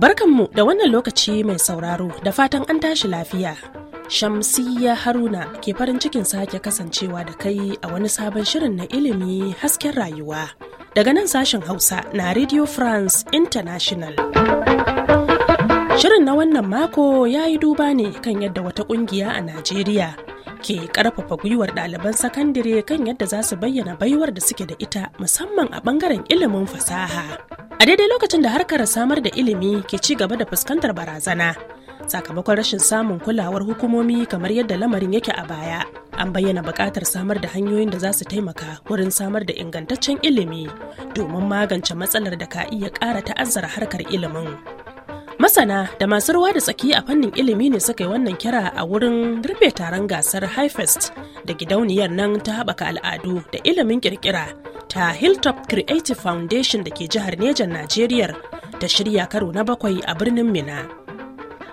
Barkanmu da wannan lokaci mai sauraro da fatan an tashi lafiya. Shamsiyya Haruna ke farin cikin sake kasancewa da kai a wani sabon shirin na ilimi hasken rayuwa. Daga nan sashen Hausa na Radio France International. Shirin na wannan mako ya yi duba ne kan yadda wata ƙungiya a Najeriya ke karfafa gwiwar ɗaliban sakandire kan yadda za su bayyana baiwar da suke da ita musamman a ɓangaren ilimin fasaha a daidai lokacin da harkar samar da ilimi ke ci gaba da fuskantar barazana sakamakon rashin samun kulawar hukumomi kamar yadda lamarin yake a baya an bayyana buƙatar samar da hanyoyin da za su taimaka wurin samar da ingantaccen ilimi domin magance matsalar da ka iya ƙara ta'azzara harkar ilimin Masana da masu ruwa da tsaki a fannin ilimi ne suka yi wannan kira a wurin rufe taron gasar Highfest da gidauniyar nan ta haɓaka al'adu da ilimin kirkira ta Hilltop Creative Foundation da ke jihar Nejan Najeriya ta shirya karo na bakwai a birnin Mina.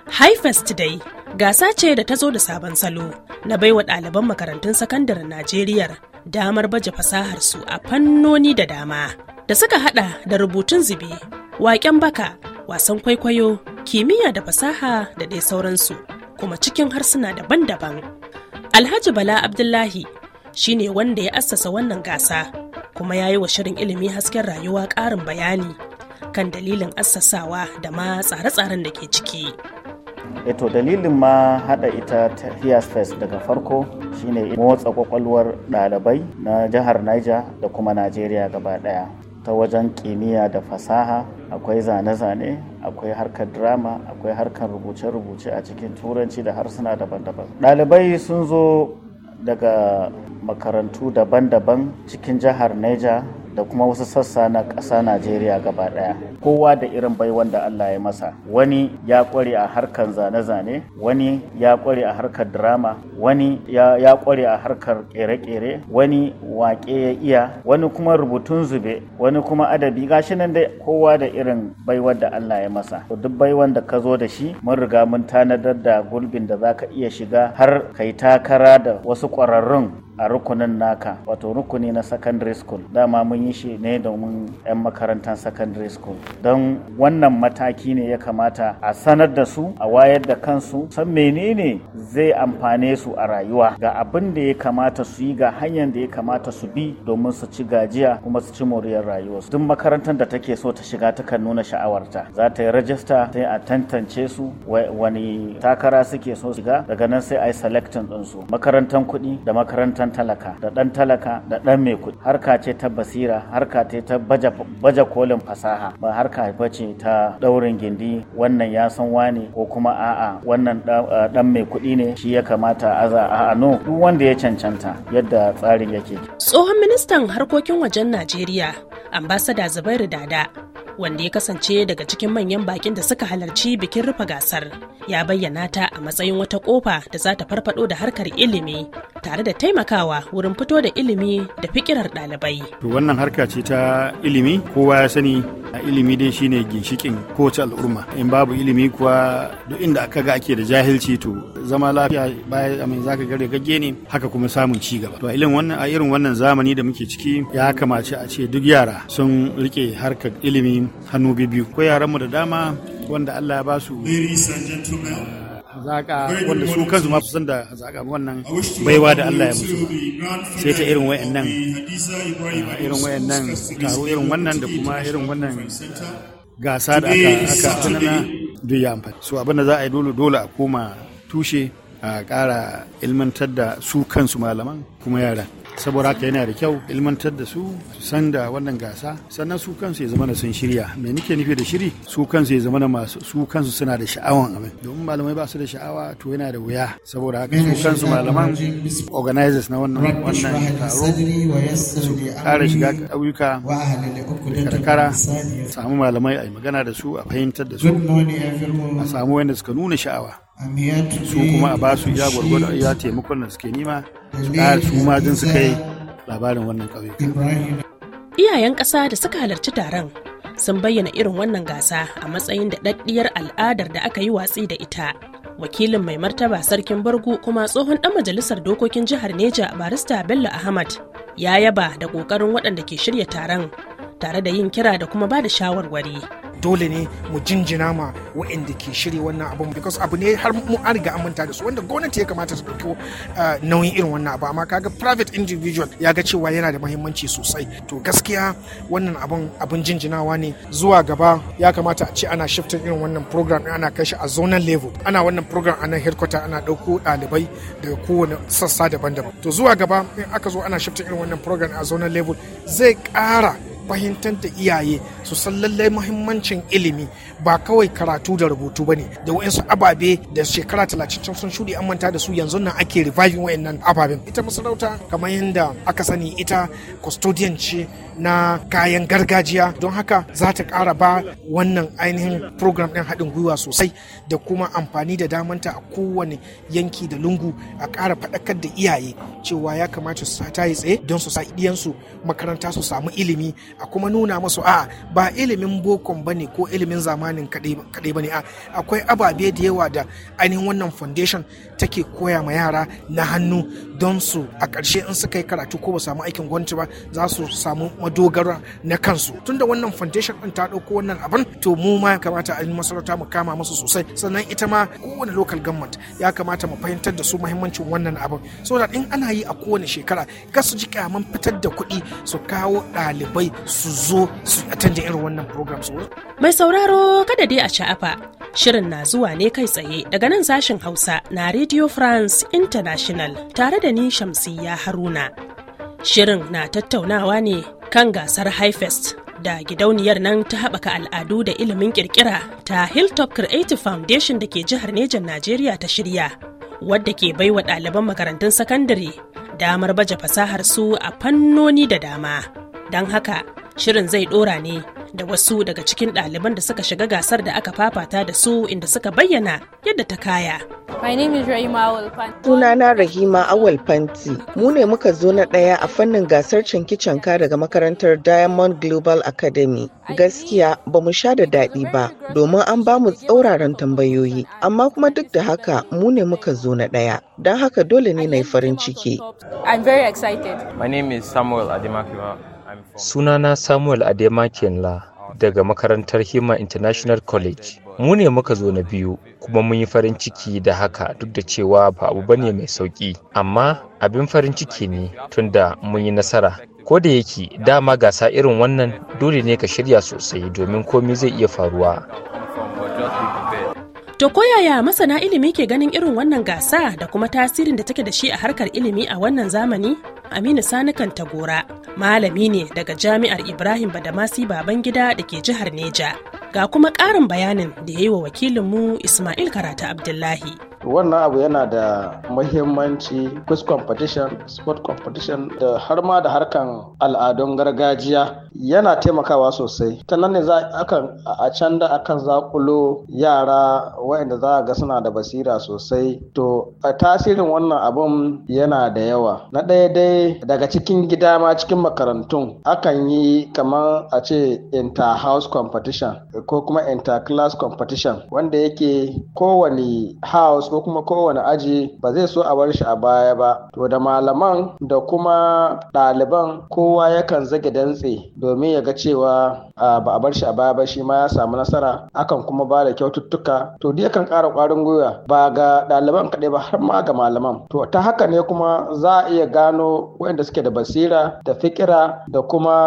Highfest dai gasa ce da ta zo da sabon salo na baiwa ɗaliban makarantun sakandaren Najeriya damar baje fasahar su a fannoni da dama da suka haɗa da rubutun zube, waƙen baka, wasan kwaikwayo kimiyya da fasaha da dai sauransu kuma cikin harsuna daban-daban alhaji bala abdullahi shine wanda ya assasa wannan gasa kuma ya yi wa shirin ilimi hasken rayuwa ƙarin bayani kan dalilin assasawa da ma tsare-tsaren da ke ciki eto eh dalilin ma hada ita ta Fest daga farko shine motsa kwakwalwar ɗalibai na jihar Niger da kuma Najeriya gaba ɗaya. ta wajen kimiyya da fasaha akwai zane-zane akwai harkar drama akwai harkar rubuce-rubuce a cikin turanci da harsuna daban-daban ɗalibai sun zo daga makarantu daban-daban cikin jihar niger da kuma wasu sassa na ƙasa Najeriya gaba ɗaya. Kowa da irin baiwan da Allah ya masa. Wani ya ƙware a harkar zane-zane, wani ya ƙware a harkar drama, wani ya ƙware a harkar ƙere-ƙere, wani waƙe ya iya, wani kuma rubutun zube, wani kuma adabi gashi nan dai kowa da irin baiwar da Allah ya masa. Duk baiwan da ka zo da shi mun riga mun tanadar da gulbin da za ka iya shiga har kai takara da wasu ƙwararrun a rukunin naka wato rukuni na secondary school dama mun yi shi ne domin 'yan makarantar secondary school don wannan mataki ne ya kamata a sanar da su a wayar da kansu san menene zai amfane su a rayuwa ga abin da ya kamata su yi ga hanyar da ya kamata su bi domin su ci gajiya kuma su ci moriyar rayuwa duk makarantar da take so ta shiga takan nuna sha'awarta za ta yi rajista sai a tantance su wani takara suke so shiga daga nan sai a yi selectin ɗinsu makarantar kuɗi da makarantar kan talaka da ɗan talaka da ɗan mai kuɗi harka ce ta basira harka ce ta baje kolin fasaha ba harka bace ta ɗaurin gindi wannan ya san wani ko kuma a'a wannan ɗan mai kuɗi ne shi ya kamata aza a'a no duk wanda ya cancanta yadda tsarin yake tsohon ministan harkokin wajen najeriya ambasada zubairu dada wanda ya kasance daga cikin manyan bakin da suka halarci bikin rufe gasar ya bayyana ta a matsayin wata kofa da za ta farfado da harkar ilimi tare da taimakawa wurin fito da ilimi da fikirar ɗalibai. wannan harka ce ta ilimi kowa ya sani a ilimi dai shine ginshikin kowace al'umma in babu ilimi kuwa duk inda aka ga ake da jahilci to zama lafiya baya mai zaka gare gagge ne haka kuma samun ci gaba to ilin wannan a irin wannan zamani da muke ciki ya kamace a ce duk yara sun rike harkar ilimi hannu biyu ko yaranmu da dama wanda Allah ya ba su eh, hazaka wanda su kansu ma san da hazaka wannan baiwa da Allah ya musu sai ta irin wayannan eh, irin wayannan taro irin wannan da kuma irin wannan gasa da aka aka tunana duk ya amfani so abinda za a yi dole dole a koma tushe a ƙara ilmantar da su kansu malaman kuma yara saboda haka yana da kyau ilmantar da su su san da wannan gasa sannan su kansu ya zama da sun shirya mai nake nufi da shiri su kansu ya zama da masu su kansu suna da sha'awan abin domin malamai ba su da sha'awa to yana da wuya saboda haka su kansu malaman organizers na wannan wannan taro su kare shiga ƙauyuka da karkara samu malamai a yi magana da su a fahimtar da su a samu wanda suka nuna sha'awa su kuma a ba su iya gwargwada iya taimakon da suke nima su ƙara su ma jin su kai labarin wannan ƙauye. Iyayen ƙasa da suka halarci taron sun bayyana irin wannan gasa a matsayin da ɗaɗɗiyar al'adar da aka yi watsi da ita. Wakilin mai martaba sarkin Bargu kuma tsohon ɗan majalisar dokokin jihar Neja barista Bello Ahmad ya yaba da ƙoƙarin waɗanda ke shirya taron tare da yin kira da kuma ba da shawarwari dole ne mu jinjina ma wa'inda ke shirya wannan abun because abu ne har mu an riga manta da su wanda gwamnati ya kamata su ɗauki ah, nauyin irin wannan abu amma kaga private individual ya ga cewa yana da mahimmanci sosai to gaskiya wannan abun abun jinjinawa ne zuwa gaba ya kamata a ce ana shifting irin wannan program ana kai shi a zonal level ana wannan program a nan headquarter ana ɗauko ɗalibai daga kowane sassa daban-daban to zuwa gaba in aka zo ana shifting irin wannan program a zonal level zai ƙara fahimtar da iyaye su san lallai mahimmancin ilimi ba kawai karatu da rubutu ba ne da wa'insu ababe da shekara talatin can sun shuɗe an manta da su yanzu nan ake reviving wayannan ababen ita masarauta kamar yadda aka sani ita custodian ce na kayan gargajiya don haka za ta ƙara ba wannan ainihin program ɗin haɗin gwiwa sosai da kuma amfani da damanta a kowane yanki da lungu a ƙara faɗakar da iyaye cewa ya kamata su ta yi tsaye don su sa iyansu makaranta su samu ilimi a kuma nuna masu a ba ilimin bokon bane ko ilimin zamanin kaɗai bane a akwai ababe da yawa da ainihin wannan foundation take koya ma yara na hannu don su a ƙarshe in suka yi karatu ko ba samu aikin gwamnati ba za su samu madogara na kansu tunda wannan foundation din ta ɗauko wannan abin to mu ma ya kamata a masarauta mu kama masu sosai sannan ita ma kowane local government ya kamata mu fahimtar da su muhimmancin wannan abin so in ana yi a kowane shekara kar su ji kyaman fitar da kuɗi su kawo ɗalibai su zo su attend irin wannan su mai sauraro kada dai a sha'afa shirin na zuwa ne kai tsaye daga nan sashen hausa na radio france international tare da ni shamsiyya haruna shirin na tattaunawa ne kan gasar highfest da gidauniyar nan ta haɓaka al'adu da ilimin kirkira ta hilltop creative foundation da ke jihar nejan najeriya ta shirya wadda ke baiwa ɗaliban makarantun sakandare damar baje fasahar su a fannoni da dama. don haka shirin zai dora ne da wasu daga cikin ɗaliban da suka shiga gasar da aka fafata da su inda suka bayyana yadda ta kaya. Suna na Rahima awal Fanti, Mu ne muka zo na ɗaya a fannin gasar canki-canka daga makarantar Diamond Global Academy. Gaskiya ba mu sha da daɗi ba, domin an ba mu tsauraran tambayoyi, amma kuma duk da haka mu ne muka zo na ɗaya. Don haka dole ne na yi farin ciki. Samuel Sunana Samuel Adema Kenla daga makarantar Hima International College. Mu ne muka zo na biyu kuma mun yi farin ciki da haka duk da cewa ba abu bane mai sauki. Amma abin farin ciki ne tunda mun yi nasara. Ko da yake dama gasa irin wannan dole ne ka shirya sosai domin komi zai iya faruwa. To koyaya masana ilimi ke ganin irin wannan gasa da kuma tasirin da take da shi a harkar ilimi a wannan zamani? Aminu Sani Kantagora, malami ne daga Jami'ar Ibrahim Badamasi Babangida da ke jihar Neja. Ga kuma ƙarin bayanin da ya yi wa wakilinmu Ismail Karatu Abdullahi. to wannan abu yana da muhimmanci quiz competition sport competition da har ma da harkan al'adun gargajiya yana taimakawa sosai ta nan ne za akan a can da akan zakulo yara waɗanda za a ga suna da basira sosai to a tasirin wannan abun yana da yawa na ɗaya dai daga cikin gida ma cikin makarantun akan yi kamar a ce inter house competition ko kuma inter class competition wanda yake kowane house ko kuma kowane aji ba zai so a bar shi a baya ba to da malaman da kuma ɗaliban kowa yakan zage dantse domin ya ga cewa ba a bar shi a baya ba shi ma ya samu nasara akan kuma ba da kyaututtuka to duk yakan ƙara ƙwarin gwiwa ba ga ɗaliban kaɗai ba har ma ga malaman to ta haka ne kuma za a iya gano waɗanda suke da basira da fikira da kuma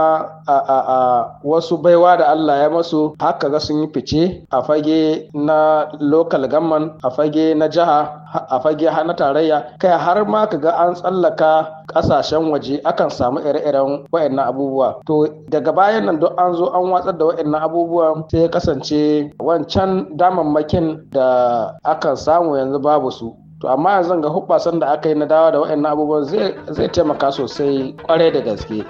a, wasu baiwa da Allah ya masu haka ga sun yi fice a fage na local government a fage na jiha a fage na tarayya kai har ma ka ga an tsallaka kasashen waje akan samu ire-iren wa'annan abubuwa to daga bayan nan duk an zo an watsar da wa'annan abubuwa sai ya kasance wancan damammakin da akan samu yanzu babu su to amma yanzu ga hubbasan da aka yi na dawa da wa'annan abubuwan zai taimaka sosai kwarai da gaske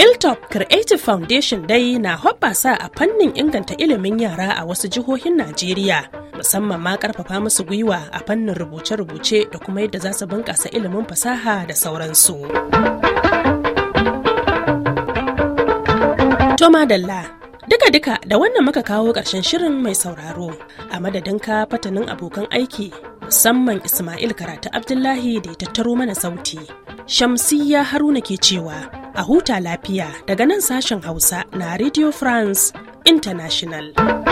Hilltop Creative Foundation dai na hoɓɓasa a fannin inganta ilimin yara a wasu jihohin Najeriya, musamman ma ƙarfafa musu gwiwa a fannin rubuce-rubuce da kuma yadda za su bunƙasa ilimin fasaha da sauransu. Toma Dalla Duka-duka da wannan muka kawo ƙarshen shirin mai sauraro a madadin ka fatanin abokan aiki musamman Ismail Karatu Abdullahi da ya tattaro mana sauti. Shamsiyya Haruna ke cewa a huta lafiya daga nan sashen Hausa na Radio France International.